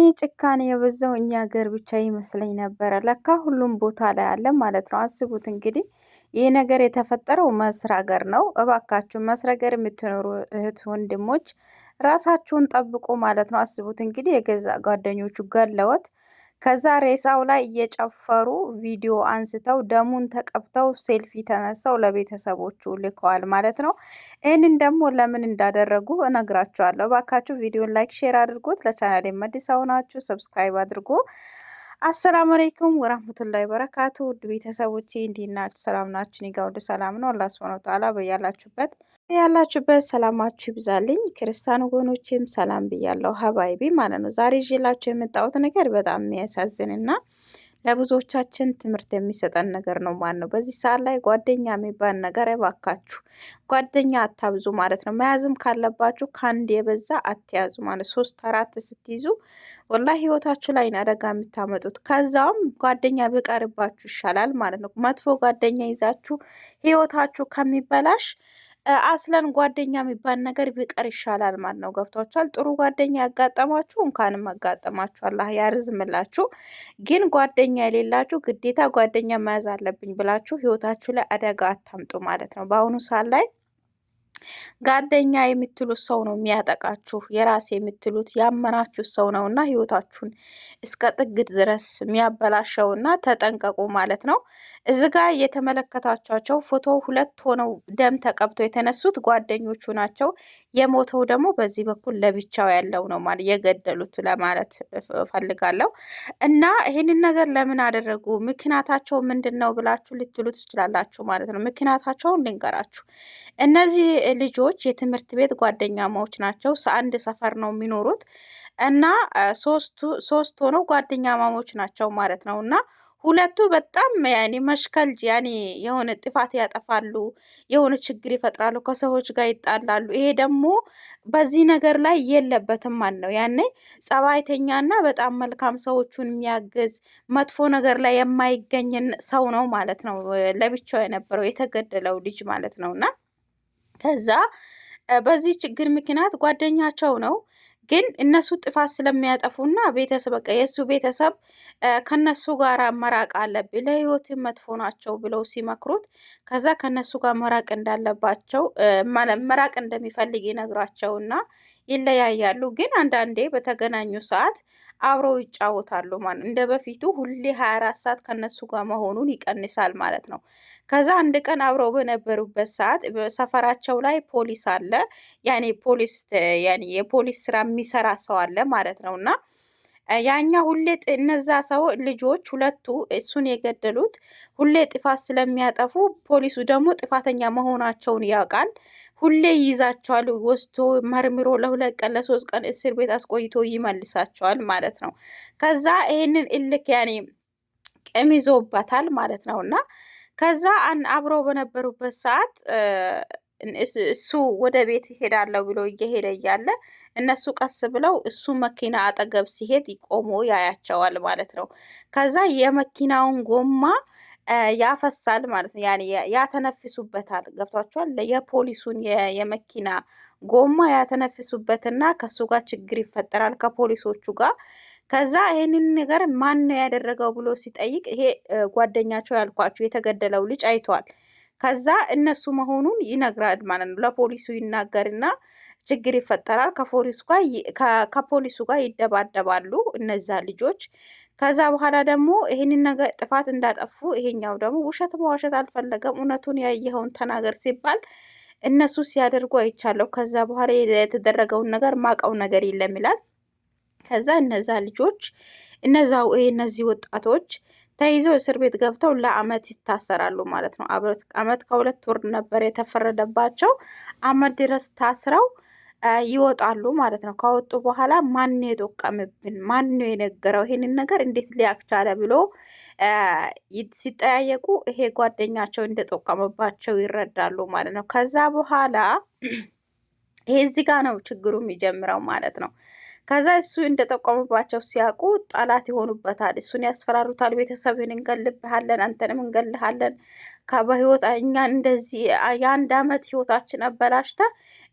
እኔ ጭካኔ የበዛው እኛ ሀገር ብቻ ይመስለኝ ነበረ። ለካ ሁሉም ቦታ ላይ አለ ማለት ነው። አስቡት እንግዲህ ይህ ነገር የተፈጠረው መስረገር ነው። እባካችሁ መስረገር የምትኖሩ እህት ወንድሞች ራሳችሁን ጠብቁ ማለት ነው። አስቡት እንግዲህ የገዛ ጓደኞቹ ገለወት ከዛ ሬሳው ላይ እየጨፈሩ ቪዲዮ አንስተው ደሙን ተቀብተው ሴልፊ ተነስተው ለቤተሰቦቹ ልከዋል ማለት ነው። ይህንን ደግሞ ለምን እንዳደረጉ እነግራችኋለሁ። ባካችሁ ቪዲዮን ላይክ፣ ሼር አድርጉት። ለቻናል የመዲሰው ናችሁ ሰብስክራይብ አድርጉ። አሰላሙ አለይኩም ወራህመቱላሂ ወበረካቱ። ውድ ቤተሰቦቼ እንዴት ናችሁ? ሰላም ናችሁ? እኔ ጋር ሁሉ ሰላም ነው። አላህ ሱብሃነሁ ወተዓላ በያላችሁበት ያላችሁበት ሰላማችሁ ይብዛልኝ። ክርስቲያን ወገኖቼም ሰላም ብያለሁ። ሀባይቢ ማለት ነው። ዛሬ ይዤላችሁ የመጣሁት ነገር በጣም የሚያሳዝንና ለብዙዎቻችን ትምህርት የሚሰጠን ነገር ነው ማለት ነው። በዚህ ሰዓት ላይ ጓደኛ የሚባል ነገር አይባካችሁ፣ ጓደኛ አታብዙ ማለት ነው። መያዝም ካለባችሁ ከአንድ የበዛ አትያዙ ማለት ሶስት አራት ስትይዙ ወላ ህይወታችሁ ላይ አደጋ የምታመጡት ከዛውም ጓደኛ ቢቀርባችሁ ይሻላል ማለት ነው። መጥፎ ጓደኛ ይዛችሁ ህይወታችሁ ከሚበላሽ አስለን ጓደኛ የሚባል ነገር ቢቀር ይሻላል ማለት ነው። ገብቷችኋል? ጥሩ ጓደኛ ያጋጠማችሁ እንኳንም አጋጠማችሁ፣ አላህ ያርዝምላችሁ። ግን ጓደኛ የሌላችሁ ግዴታ ጓደኛ መያዝ አለብኝ ብላችሁ ህይወታችሁ ላይ አደጋ አታምጡ ማለት ነው በአሁኑ ሰዓት ላይ ጋደኛ የምትሉት ሰው ነው የሚያጠቃችሁ። የራሴ የምትሉት ያመናችሁ ሰው ነው እና ህይወታችሁን እስከ ጥግድ ድረስ የሚያበላሸው እና ተጠንቀቁ ማለት ነው። እዚህ ጋር የተመለከታቸው ፎቶ ሁለት ሆነው ደም ተቀብቶ የተነሱት ጓደኞቹ ናቸው። የሞተው ደግሞ በዚህ በኩል ለብቻው ያለው ነው ማለት የገደሉት ለማለት ፈልጋለሁ እና ይህንን ነገር ለምን አደረጉ ምክንያታቸው ምንድን ነው ብላችሁ ልትሉ ትችላላችሁ ማለት ነው። ምክንያታቸውን ልንገራችሁ እነዚህ ልጆች የትምህርት ቤት ጓደኛማዎች ናቸው። አንድ ሰፈር ነው የሚኖሩት እና ሶስት ሆነው ጓደኛማዎች ናቸው ማለት ነው እና ሁለቱ በጣም ያኔ መሽከልጅ ያኔ የሆነ ጥፋት ያጠፋሉ፣ የሆነ ችግር ይፈጥራሉ፣ ከሰዎች ጋር ይጣላሉ። ይሄ ደግሞ በዚህ ነገር ላይ የለበትም ማለት ነው። ያኔ ጸባይተኛና በጣም መልካም ሰዎቹን የሚያግዝ መጥፎ ነገር ላይ የማይገኝን ሰው ነው ማለት ነው። ለብቻው የነበረው የተገደለው ልጅ ማለት ነው እና ከዛ በዚህ ችግር ምክንያት ጓደኛቸው ነው ግን እነሱ ጥፋት ስለሚያጠፉና ቤተሰብ በቃ የእሱ ቤተሰብ ከነሱ ጋር መራቅ አለብ ለህይወት መጥፎ ናቸው ብለው ሲመክሩት ከዛ ከነሱ ጋር መራቅ እንዳለባቸው መራቅ እንደሚፈልግ ይነግራቸውና ይለያያሉ። ግን አንዳንዴ በተገናኙ ሰዓት አብረው ይጫወታሉ ማለት እንደ በፊቱ ሁሌ 24 ሰዓት ከነሱ ጋር መሆኑን ይቀንሳል ማለት ነው። ከዛ አንድ ቀን አብረው በነበሩበት ሰዓት ሰፈራቸው ላይ ፖሊስ አለ። ያኔ ፖሊስ ያኔ የፖሊስ ስራ የሚሰራ ሰው አለ ማለት ነው እና ያኛ ሁሌ እነዛ ሰው ልጆች ሁለቱ እሱን የገደሉት ሁሌ ጥፋት ስለሚያጠፉ ፖሊሱ ደግሞ ጥፋተኛ መሆናቸውን ያውቃል። ሁሌ ይይዛቸዋል ወስቶ መርምሮ ለሁለት ቀን ለሶስት ቀን እስር ቤት አስቆይቶ ይመልሳቸዋል ማለት ነው። ከዛ ይህንን እልክ ያኔ ቅም ይዞበታል ማለት ነው። እና ከዛ አብረው በነበሩበት ሰዓት እሱ ወደ ቤት ይሄዳለሁ ብሎ እየሄደ እያለ እነሱ ቀስ ብለው እሱ መኪና አጠገብ ሲሄድ ቆሞ ያያቸዋል ማለት ነው። ከዛ የመኪናውን ጎማ ያፈሳል ማለት ነው። ያኔ ያተነፍሱበታል። ገብቷቸዋል። የፖሊሱን የመኪና ጎማ ያተነፍሱበትና ከሱ ጋር ችግር ይፈጠራል ከፖሊሶቹ ጋር። ከዛ ይህንን ነገር ማን ነው ያደረገው ብሎ ሲጠይቅ ይሄ ጓደኛቸው ያልኳቸው የተገደለው ልጅ አይተዋል። ከዛ እነሱ መሆኑን ይነግራል ማለት ነው። ለፖሊሱ ይናገርና ችግር ይፈጠራል። ከፖሊሱ ጋር ከፖሊሱ ጋር ይደባደባሉ እነዛ ልጆች። ከዛ በኋላ ደግሞ ይህንን ነገር ጥፋት እንዳጠፉ ይሄኛው ደግሞ ውሸት መዋሸት አልፈለገም። እውነቱን ያየኸውን ተናገር ሲባል እነሱ ሲያደርጉ አይቻለሁ። ከዛ በኋላ የተደረገውን ነገር ማቀው ነገር የለም ይላል። ከዛ እነዛ ልጆች እነዛው እነዚህ ወጣቶች ተይዘው እስር ቤት ገብተው ለአመት ይታሰራሉ ማለት ነው። አመት ከሁለት ወር ነበር የተፈረደባቸው። አመት ድረስ ታስረው ይወጣሉ ማለት ነው። ከወጡ በኋላ ማን ነው የጠቀምብን? ማን ነው የነገረው? ይህንን ነገር እንዴት ቻለ ብሎ ሲጠያየቁ ይሄ ጓደኛቸው እንደጠቀመባቸው ይረዳሉ ማለት ነው። ከዛ በኋላ ይሄ እዚህ ጋ ነው ችግሩ የሚጀምረው ማለት ነው። ከዛ እሱ እንደጠቆሙባቸው ሲያውቁ ጠላት ይሆኑበታል። እሱን ያስፈራሩታል። ቤተሰብህን እንገልብሃለን፣ አንተንም እንገልሃለን። በህይወት እኛን እንደዚህ የአንድ አመት ህይወታችን አበላሽተ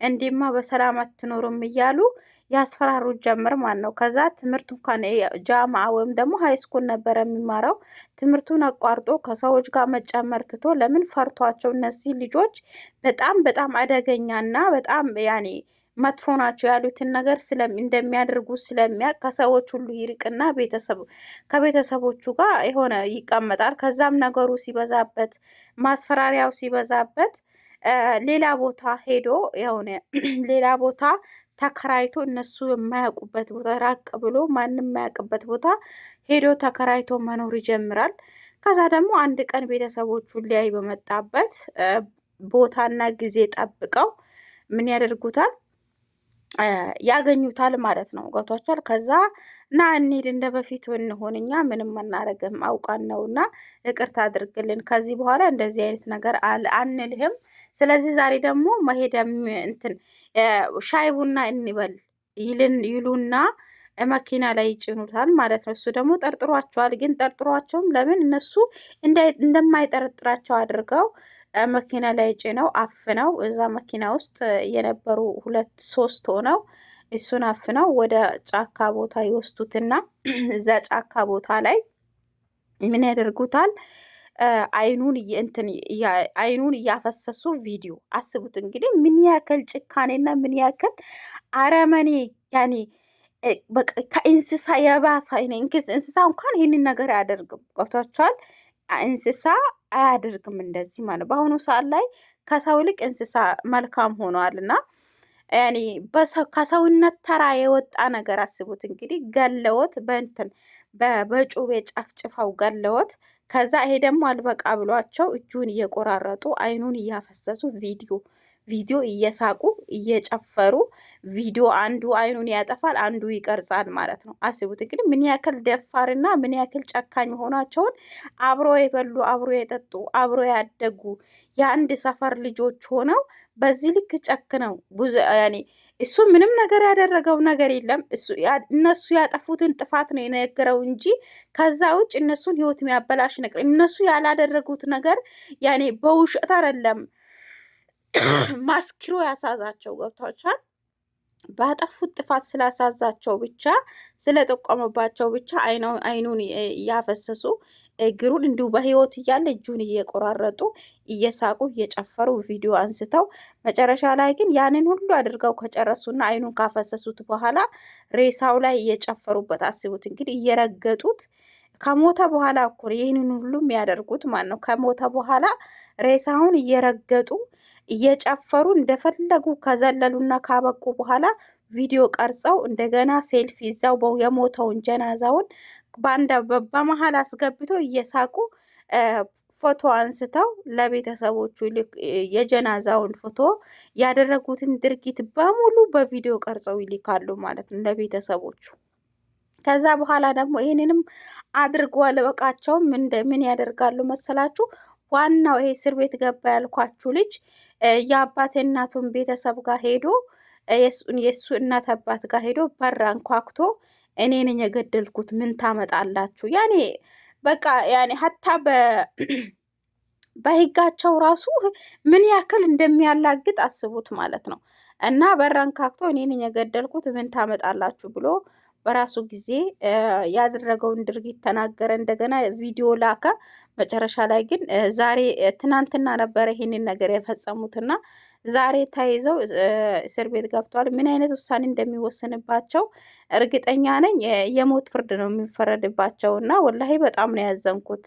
እንዲማ በሰላም አትኖሩም እያሉ ያስፈራሩ ጀምር ማን ነው። ከዛ ትምህርት እንኳን ጃማ ወይም ደግሞ ሀይስኩል ነበረ የሚማረው ትምህርቱን አቋርጦ ከሰዎች ጋር መጨመር ትቶ ለምን ፈርቷቸው እነዚህ ልጆች በጣም በጣም አደገኛና በጣም ያኔ መጥፎ ናቸው ያሉትን ነገር እንደሚያደርጉ ስለሚያውቅ ከሰዎች ሁሉ ይርቅና ቤተሰብ ከቤተሰቦቹ ጋር የሆነ ይቀመጣል። ከዛም ነገሩ ሲበዛበት፣ ማስፈራሪያው ሲበዛበት ሌላ ቦታ ሄዶ የሆነ ሌላ ቦታ ተከራይቶ እነሱ የማያውቁበት ቦታ ራቅ ብሎ ማንም የማያውቅበት ቦታ ሄዶ ተከራይቶ መኖር ይጀምራል። ከዛ ደግሞ አንድ ቀን ቤተሰቦቹ ሊያይ በመጣበት ቦታና ጊዜ ጠብቀው ምን ያደርጉታል? ያገኙታል ማለት ነው። ገብቷቸዋል። ከዛ ና እንሂድ፣ እንደ በፊቱ እንሆን፣ እኛ ምንም አናረግም አውቃን ነውና ይቅርታ አድርግልን፣ ከዚህ በኋላ እንደዚህ አይነት ነገር አንልህም። ስለዚህ ዛሬ ደግሞ መሄድ እንትን ሻይ ቡና እንበል ይልን ይሉና መኪና ላይ ይጭኑታል ማለት ነው። እሱ ደግሞ ጠርጥሯቸዋል። ግን ጠርጥሯቸውም ለምን እነሱ እንደማይጠረጥራቸው አድርገው መኪና ላይ ጭነው አፍነው እዛ መኪና ውስጥ የነበሩ ሁለት ሶስት ሆነው እሱን አፍነው ወደ ጫካ ቦታ ይወስዱትና እዛ ጫካ ቦታ ላይ ምን ያደርጉታል? አይኑን እንትን አይኑን እያፈሰሱ ቪዲዮ አስቡት እንግዲህ ምን ያክል ጭካኔና ምን ያክል አረመኔ ያኔ ከእንስሳ የባሰ እንስሳ እንኳን ይህንን ነገር አያደርግም። ገብቷቸዋል። እንስሳ አያደርግም እንደዚህ ማለት በአሁኑ ሰዓት ላይ ከሰው ይልቅ እንስሳ መልካም ሆኗል እና ከሰውነት ተራ የወጣ ነገር አስቡት እንግዲህ ገለወት በእንትን በጩቤ ጨፍጭፈው ገለወት። ከዛ ይሄ ደግሞ አልበቃ ብሏቸው እጁን እየቆራረጡ አይኑን እያፈሰሱ ቪዲዮ ቪዲዮ እየሳቁ እየጨፈሩ ቪዲዮ አንዱ አይኑን ያጠፋል፣ አንዱ ይቀርጻል ማለት ነው። አስቡት እንግዲህ ምን ያክል ደፋርና ምን ያክል ጨካኝ መሆናቸውን። አብሮ የበሉ አብሮ የጠጡ አብሮ ያደጉ የአንድ ሰፈር ልጆች ሆነው በዚህ ልክ ጨክነው ያኔ እሱ ምንም ነገር ያደረገው ነገር የለም። እነሱ ያጠፉትን ጥፋት ነው የነገረው እንጂ ከዛ ውጭ እነሱን ህይወት የሚያበላሽ ነገር እነሱ ያላደረጉት ነገር ያኔ በውሸት አይደለም። ማስኪሮ ያሳዛቸው ገብቷቸዋል። ባጠፉት ጥፋት ስላሳዛቸው ብቻ ስለጠቆመባቸው ብቻ አይኑን እያፈሰሱ እግሩን እንዲሁ በህይወት እያለ እጁን እየቆራረጡ እየሳቁ እየጨፈሩ ቪዲዮ አንስተው መጨረሻ ላይ ግን ያንን ሁሉ አድርገው ከጨረሱና አይኑን ካፈሰሱት በኋላ ሬሳው ላይ እየጨፈሩበት አስቡት እንግዲህ እየረገጡት ከሞተ በኋላ እኮ ይህንን ሁሉ የሚያደርጉት ማን ነው። ከሞተ በኋላ ሬሳውን እየረገጡ እየጨፈሩ እንደፈለጉ ከዘለሉና ካበቁ በኋላ ቪዲዮ ቀርጸው እንደገና ሴልፊ እዛው የሞተውን ጀናዛውን በአንድ በመሀል አስገብቶ እየሳቁ ፎቶ አንስተው ለቤተሰቦቹ የጀናዛውን ፎቶ ያደረጉትን ድርጊት በሙሉ በቪዲዮ ቀርጸው ይልካሉ ማለት ነው ለቤተሰቦቹ። ከዛ በኋላ ደግሞ ይህንንም አድርጎ አለበቃቸውም እንደምን ያደርጋሉ መሰላችሁ? ዋናው ይሄ እስር ቤት ገባ ያልኳችሁ ልጅ የአባት እናቱን ቤተሰብ ጋር ሄዶ የእሱ እናት አባት ጋር ሄዶ በር አንኳኩቶ እኔን የገደልኩት ምን ታመጣላችሁ? ያኔ በቃ ያኔ ሀታ በህጋቸው ራሱ ምን ያክል እንደሚያላግጥ አስቡት ማለት ነው። እና በር አንኳኩቶ እኔ የገደልኩት ምን ታመጣላችሁ ብሎ በራሱ ጊዜ ያደረገውን ድርጊት ተናገረ። እንደገና ቪዲዮ ላከ። መጨረሻ ላይ ግን ዛሬ ትናንትና ነበረ ይህንን ነገር የፈጸሙትና ዛሬ ተይዘው እስር ቤት ገብተዋል። ምን አይነት ውሳኔ እንደሚወስንባቸው እርግጠኛ ነኝ። የሞት ፍርድ ነው የሚፈረድባቸው እና ወላሂ በጣም ነው ያዘንኩት።